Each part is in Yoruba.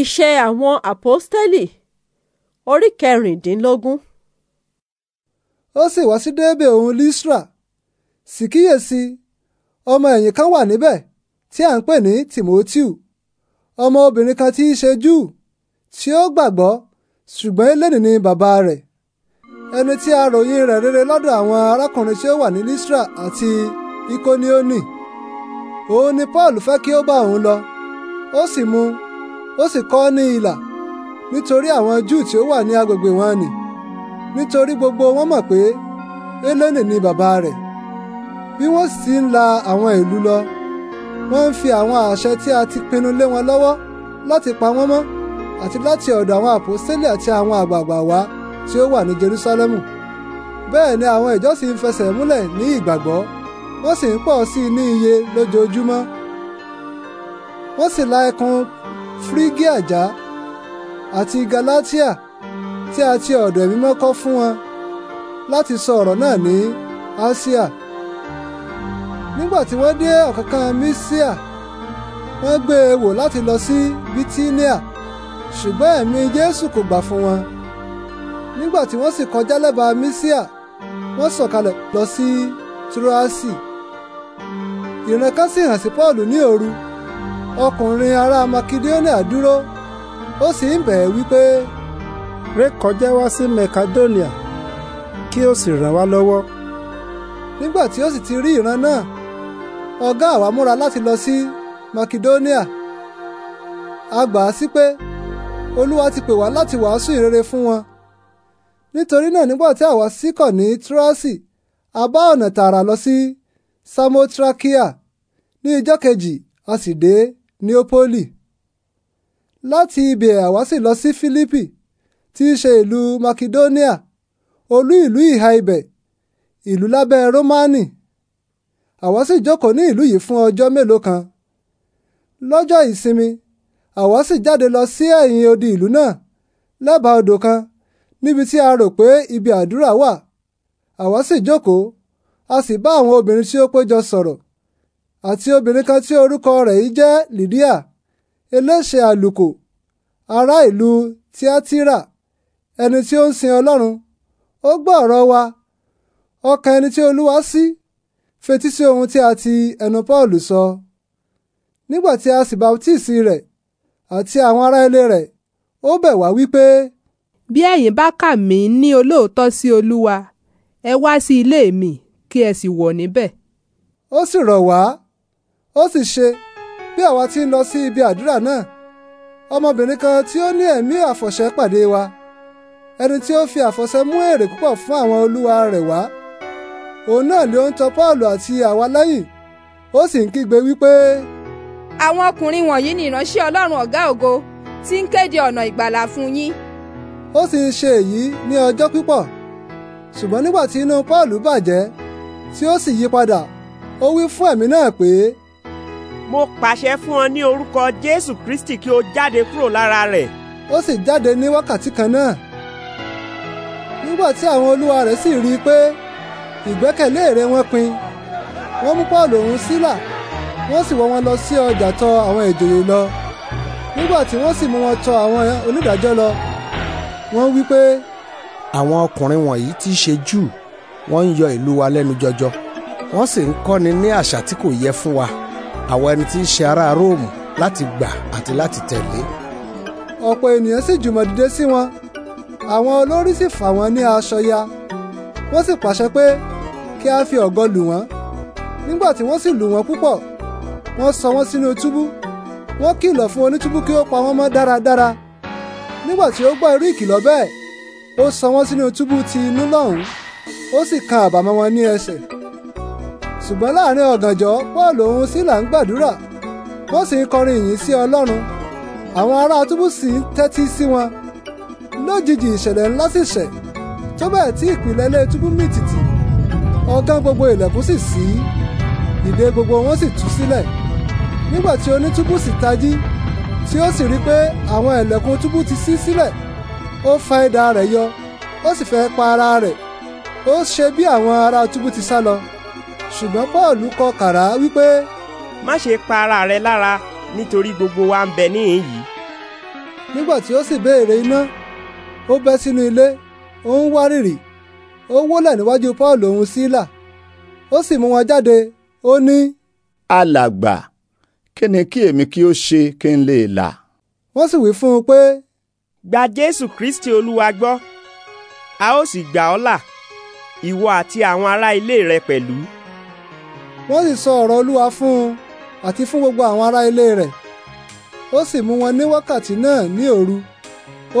Iṣẹ́ àwọn Àpọ́stélì orí kẹrìndínlógún. Ó sì wá sí débè òun Lístra, sì kíyèsí, ọmọ ẹ̀yìn kan wà níbẹ̀ tí à ń pè ní Tìmótíù, ọmọ obìnrin kan tí í ṣe Júù, tí ó gbàgbọ́ ṣùgbọ́n eléni ni bàbá rẹ̀. Ẹni tí a ròyìn rẹ̀ rere lọ́dọ̀ àwọn arákùnrin tí ó wà ní Lístra àti Ikonioni. Òun ni Paul fẹ́ kí ó bá òun lọ, ó sì mú un ó sì kọ́ ní ìlà nítorí àwọn júù tí ó wà ní agbègbè wọn nì nítorí gbogbo wọn mọ̀ pé Hélénì ni bàbá rẹ̀ bí wọ́n sì ń la àwọn ìlú lọ wọ́n ń fi àwọn àṣẹ tí a ti pinnu lé wọn lọ́wọ́ láti pa wọ́n mọ́ àti láti ọ̀dọ̀ àwọn àpòstélì àti àwọn àgbààgbà wa tí ó wà ní Jerúsálẹ́mù bẹ́ẹ̀ ni àwọn ìjọ sì ń fẹsẹ̀ múlẹ̀ ní ìgbàgbọ́ wọ́n sì ń pọ̀ sí i ní iye lójoojúmọ́ wọ́n sì la ẹkùn frígí àjá àti galatia tí a ti ọ̀dọ̀ ẹ̀mí mọ́kọ́ fún wọn láti sọ ọ̀rọ̀ náà ní asia nígbà tí wọ́n dé ọ̀kánkán misia wọ́n gbé e wò láti lọ sí bitinia ṣùgbọ́n ẹ̀mí jésù kò gbà fún wọn nígbà tí wọ́n sì kọjá lẹ́bàá misia wọ́n sọ̀kalẹ̀ lọ sí tírọ́àsì ìrìnà kan sì hàn sí pọ́ọ̀lù ní òru ọkùnrin ará makedonia dúró ó sì ń bẹ̀ẹ́ ẹ́ wípé rékọjá wá sí makedonia kí ó sì ràn wá lọ́wọ́ nígbà tí ó sì ti rí ìran náà ọ̀gá àwa múra láti lọ sí makedonia a gbà á sí pé olúwa ti pè wá láti wàásù ìrere fún wọn nítorí náà nígbà tí àwa síkọ̀ ní Tírásì a bá ọ̀nà tààrà lọ sí Samotrakia ní ijọ́ kejì a sì dé neopoli láti ibẹ̀ àwa sì lọ sí fílípì tí í ṣe ìlú makedonia olú ìlú ìhà ibẹ̀ ìlú lábẹ́ rómánì àwa sì jókòó ní ìlú yìí fún ọjọ́ mélòó kan lọ́jọ́ ìsinmi àwa sì jáde lọ sí ẹ̀yìn odi ìlú náà lẹ́bàá odò kan níbi tí a rò pé ibi àdúrà wà àwa sì jókòó a sì bá àwọn obìnrin tí ó péjọ sọ̀rọ̀ àti obìnrin kan tí orúkọ rẹ̀ yìí jẹ́ Lídíà eléṣe àlùkò ará ìlú Tíátírà ẹni tí ó ń sin Ọlọ́run ó gbọ́ ọ̀rọ̀ wa ọkàn ẹni tí Olúwa sí fetí sí ohun tí a ti ẹnu Pọ́ọ̀lù sọ nígbà tí a sì bàtíìsì rẹ̀ àti àwọn ará ilé rẹ̀ ó bẹ̀ wá wípé. bí ẹ̀yin bá kà mí ní olóòótọ́ sí Olúwa ẹ wá sí ilé mi kí ẹ sì wọ̀ níbẹ̀. ó sì rọ̀ wá ó sì ṣe bí àwa ti ń lọ sí ibi àdúrà náà ọmọbìnrin kan tí ó ní ẹ̀mí àfọ̀ṣẹ pàdé wa ẹni tí ó fi àfọ̀ṣẹ mú èrè púpọ̀ fún àwọn olúwa rẹ̀ wá òun náà ni ó ń tọ Pọ́ọ̀lù àti àwa lẹ́yìn ó sì ń kígbe wípé. àwọn ọkùnrin wọ̀nyí ni ìránṣẹ́ Ọlọ́run ọ̀gá ògo tí ń kéde ọ̀nà ìgbàlà fún yín. ó sì ń ṣe èyí ní ọjọ́ pípọ̀ ṣùgbọ́n nígbà tí inú Pọ́ọ̀lù bàjẹ́ tí ó sì yí padà ó wí fún ẹ̀mí náà pé mo pàṣẹ fún ọ ní orúkọ jésù kristi kí o jáde kúrò lára rẹ̀. ó sì jáde ní wákàtí kan náà nígbà tí àwọn olúwa rẹ̀ sì rí i pé ìgbẹ́kẹ̀lé rẹ̀ wọ́n pin wọ́n mú paul òun sílà wọ́n sì wọ́ wọn lọ sí ọjà tọ àwọn ìjòyè lọ nígbà tí wọ́n sì mú wọn tọ àwọn onídàájọ́ lọ wọ́n wí pé. àwọn ọkùnrin wọ̀nyí tí ṣe júù wọ́n ń yọ ìlú wa lẹ́nu jọjọ wọ́n sì ń kọ́ni ní àṣà tí kò yẹ fún wa àwọn ẹni tí ń ṣe ará róòmù láti gbà àti láti tẹ̀lé. ọ̀pọ̀ ènìyàn sì jùmọ̀ dìde sí wọn àwọn olórí sì fà wọ́n ní aṣọ ya wọ́n sì pàṣẹ pé kí a fi ọ̀gọ lù wọ́n nígbà tí wọ́n sì lù wọ́n púpọ̀ wọ́n sọ wọ́n sínú túbú wọ́n kìlọ̀ fún onítúbú kí ó pa wọ́n mọ́ dáradára nígbà tí ó gbọ́ irú ìkìlọ̀ bẹ́ẹ̀ ó sọ wọ́n sínú túbú ti inú lọ́hùn-ún ó sì kan àbàmọ́ wọn ní ẹsẹ̀ ṣùgbọ́n láàrin ọ̀gànjọ́ paul òun sílà ń gbàdúrà wọ́n sì ń kọrin ìyìn sí ọlọ́run àwọn ará túbúsì ń tẹ́tí sí wọn lójijì ìṣẹ̀lẹ̀ ńlá sì ṣẹ̀ tó bẹ́ẹ̀ tí ìpìlẹ̀ ilé túbú mì tìtì ọ̀kan gbogbo ilẹ̀kùn sì ṣí ìdè gbogbo wọn sì tú sílẹ̀ nígbà tí onítúbú sì tají tí ó sì rí pé àwọn ilẹ̀kùn túbú ti ṣí sílẹ̀ ó fa idà rẹ̀ yọ ó sì fẹ́ pa ara rẹ̀ ó ṣe bí àwọn ará túbú ti sá lọ ṣùgbọ́n Pọ́ọ̀lù kọ kàrá wípé. má ṣe pa ara rẹ lára nítorí gbogbo wa ń bẹ níhìn yìí. nígbà tí ó sì béèrè iná ó bẹ́ sínú ilé ó ń wárìrì ó wólẹ̀ níwájú Pọ́ọ̀lù òun Sílà ó sì mú wọn jáde ó ní. alàgbà kí ni kí èmi kí ó ṣe kí n lè là. wọ́n sì wí fún un pé. gba Jésù Kristi Olúwa gbọ́ a ó sì gbà ọ́ là ìwọ àti àwọn ará ilé rẹ pẹ̀lú wọ́n sì sọ ọ̀rọ̀ olúwa fún un àti fún gbogbo àwọn ará ilé rẹ̀ ó sì mú wọn ní wákàtí náà ní òru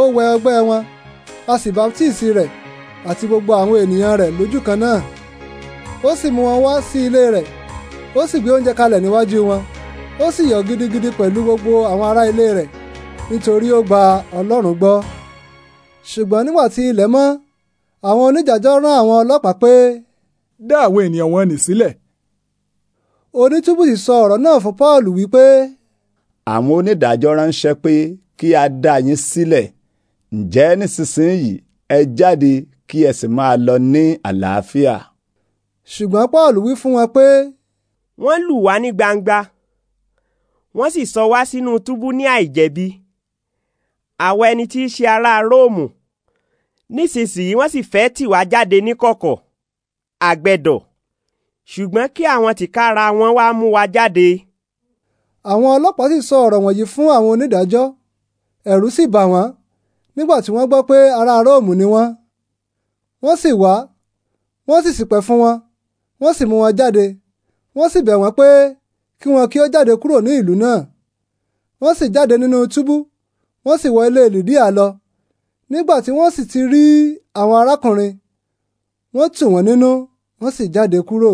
ó wẹ ọgbẹ́ wọn a sì baptisi rẹ̀ àti gbogbo àwọn ènìyàn rẹ̀ lójú kan náà ó sì mú wọn wá sí ilé rẹ̀ ó sì gbé oúnjẹ kalẹ̀ níwájú wọn ó sì yọ̀ gidigidi pẹ̀lú gbogbo àwọn ará ilé rẹ̀ nítorí ó gba ọlọ́run gbọ́ ṣùgbọ́n nígbà tí ilẹ̀ mọ́ àwọn oníjàjọ́ rán àwọn ọlọ́pàá pé. dá àwọn ènìyàn wọn nì sílẹ̀ onítúbù sì sọ ọ̀rọ̀ náà fún Paul wípé. àwọn onídàájọ́ ránṣẹ́ pé kí a dá yín sílẹ̀ ǹjẹ́ nísinsìnyí ẹ jáde kí ẹ sì máa lọ ní àlàáfíà. ṣùgbọ́n Paul wí fún wọn pé. wọ́n lù wá ní gbangba wọ́n sì sọ wá sínú túbú ní àìjẹ̀bi àwọn ẹni tí í ṣe ará Róòmù nísinsìnyí wọ́n sì fẹ́ tì wá jáde níkọ̀kọ̀ àgbẹ̀dọ̀ ṣùgbọ́n kí àwọn tìkára wọn wá mú wa jáde. àwọn ọlọ́pàá sì sọ ọ̀rọ̀ wọ̀nyí fún àwọn onídàájọ́ ẹ̀rù sì bà wọ́n nígbà tí wọ́n gbọ́ pé ará róòmù ni wọ́n wọ́n sì wá wọ́n sì ṣìpẹ̀ fún wọn wọ́n sì mú wọn jáde wọ́n sì bẹ̀ wọ́n pé kí wọn kí ó jáde kúrò ní ìlú náà wọ́n sì jáde nínú túbú wọ́n sì wọ ilé lìdíà lọ nígbà tí wọ́n sì ti rí àwọn arákùnrin wọ́n tù wọ́n nínú wọ́n sì jáde kúrò.